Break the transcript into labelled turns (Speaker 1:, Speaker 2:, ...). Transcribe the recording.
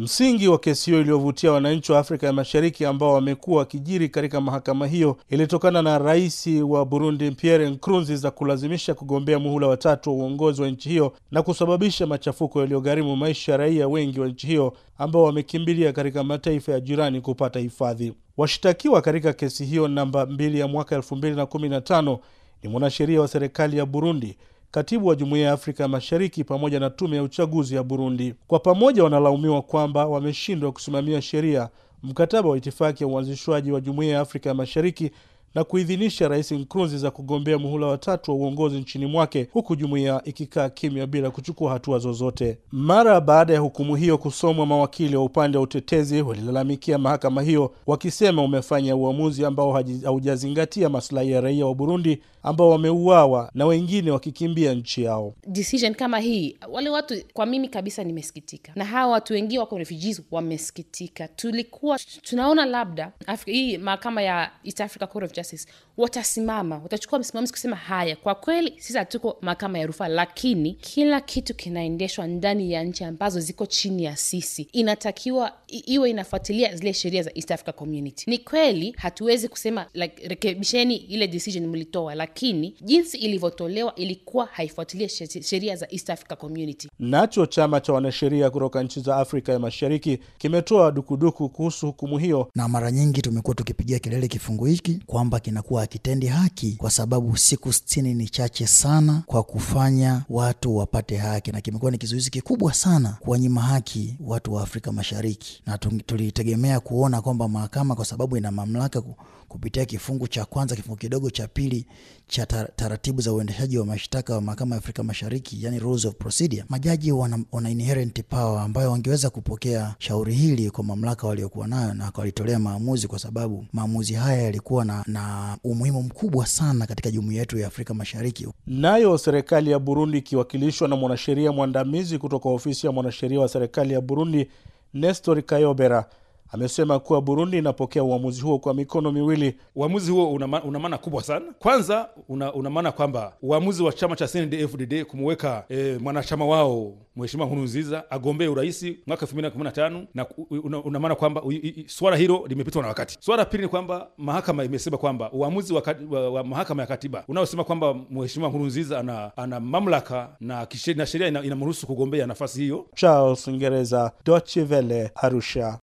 Speaker 1: Msingi wa kesi hiyo iliyovutia wananchi wa Afrika ya Mashariki ambao wamekuwa wakijiri katika mahakama hiyo ilitokana na rais wa Burundi Pierre za kulazimisha kugombea muhula watatu wa uongozi wa nchi hiyo na kusababisha machafuko yaliyogharimu maisha ya raia wengi wa nchi hiyo ambao wamekimbilia katika mataifa ya jirani kupata hifadhi. Washtakiwa katika kesi hiyo namba mbili ya mwaka elfu mbili na kumi na tano ni mwanasheria wa serikali ya Burundi katibu wa jumuiya ya Afrika Mashariki pamoja na tume ya uchaguzi ya Burundi. Kwa pamoja wanalaumiwa kwamba wameshindwa kusimamia sheria, mkataba wa itifaki ya uanzishwaji wa jumuiya ya Afrika Mashariki na kuidhinisha Rais za kugombea muhula watatu wa uongozi nchini mwake, huku jumuiya ikikaa kimya bila kuchukua hatua zozote. Mara baada ya hukumu hiyo kusomwa, mawakili wa upande wa utetezi walilalamikia mahakama hiyo wakisema umefanya uamuzi ambao haujazingatia maslahi ya raia wa Burundi ambao wameuawa na wengine wakikimbia nchi yao.
Speaker 2: Decision kama hii, wale watu, kwa mimi kabisa nimesikitika, na hawa watu wengine wako refugees wamesikitika. Tulikuwa tunaona labda hii mahakama ya East Africa Court of Justice justice watasimama, watachukua msimamizi kusema haya, kwa kweli sisi hatuko mahakama ya rufaa, lakini kila kitu kinaendeshwa ndani ya nchi ambazo ziko chini ya sisi, inatakiwa iwe inafuatilia zile sheria za East Africa Community. Ni kweli hatuwezi kusema like, rekebisheni ile decision mlitoa, lakini jinsi ilivyotolewa ilikuwa haifuatilia sheria za East Africa Community.
Speaker 1: Nacho chama cha wanasheria kutoka nchi za Afrika ya Mashariki
Speaker 3: kimetoa dukuduku kuhusu hukumu hiyo, na mara nyingi tumekuwa tukipigia kelele kifungu hiki kwa kwamba kinakuwa hakitendi haki, kwa sababu siku sitini ni chache sana kwa kufanya watu wapate haki, na kimekuwa ni kizuizi kikubwa sana kuwanyima haki watu wa Afrika Mashariki, na tulitegemea kuona kwamba mahakama kwa sababu ina mamlaka kupitia kifungu cha kwanza kifungu kidogo cha pili cha taratibu za uendeshaji wa mashtaka wa mahakama ya Afrika Mashariki, yani rules of procedure, majaji wana, wana inherent power ambayo wangeweza kupokea shauri hili kwa mamlaka waliokuwa nayo na walitolea maamuzi, kwa sababu maamuzi haya yalikuwa na, na na umuhimu mkubwa sana katika jumuia yetu ya Afrika Mashariki.
Speaker 1: Nayo serikali ya Burundi ikiwakilishwa na mwanasheria mwandamizi kutoka ofisi ya mwanasheria wa serikali ya Burundi
Speaker 4: Nestor Kayobera amesema kuwa Burundi inapokea uamuzi huo kwa mikono miwili. Uamuzi huo una, maana kubwa sana. Kwanza una, maana kwamba uamuzi wa chama cha cndfdd kumuweka e, mwanachama wao Mheshimiwa hunuziza agombee urahisi mwaka 2015 na una, una maana kwamba swala hilo limepitwa na wakati. Swala pili ni kwamba mahakama imesema kwamba uamuzi wa, wa, wa mahakama ya katiba unaosema kwamba Mheshimiwa hunuziza ana, ana mamlaka na, na sheria inamruhusu kugombea nafasi hiyo.
Speaker 1: Charles Ngereza, dochevele Arusha.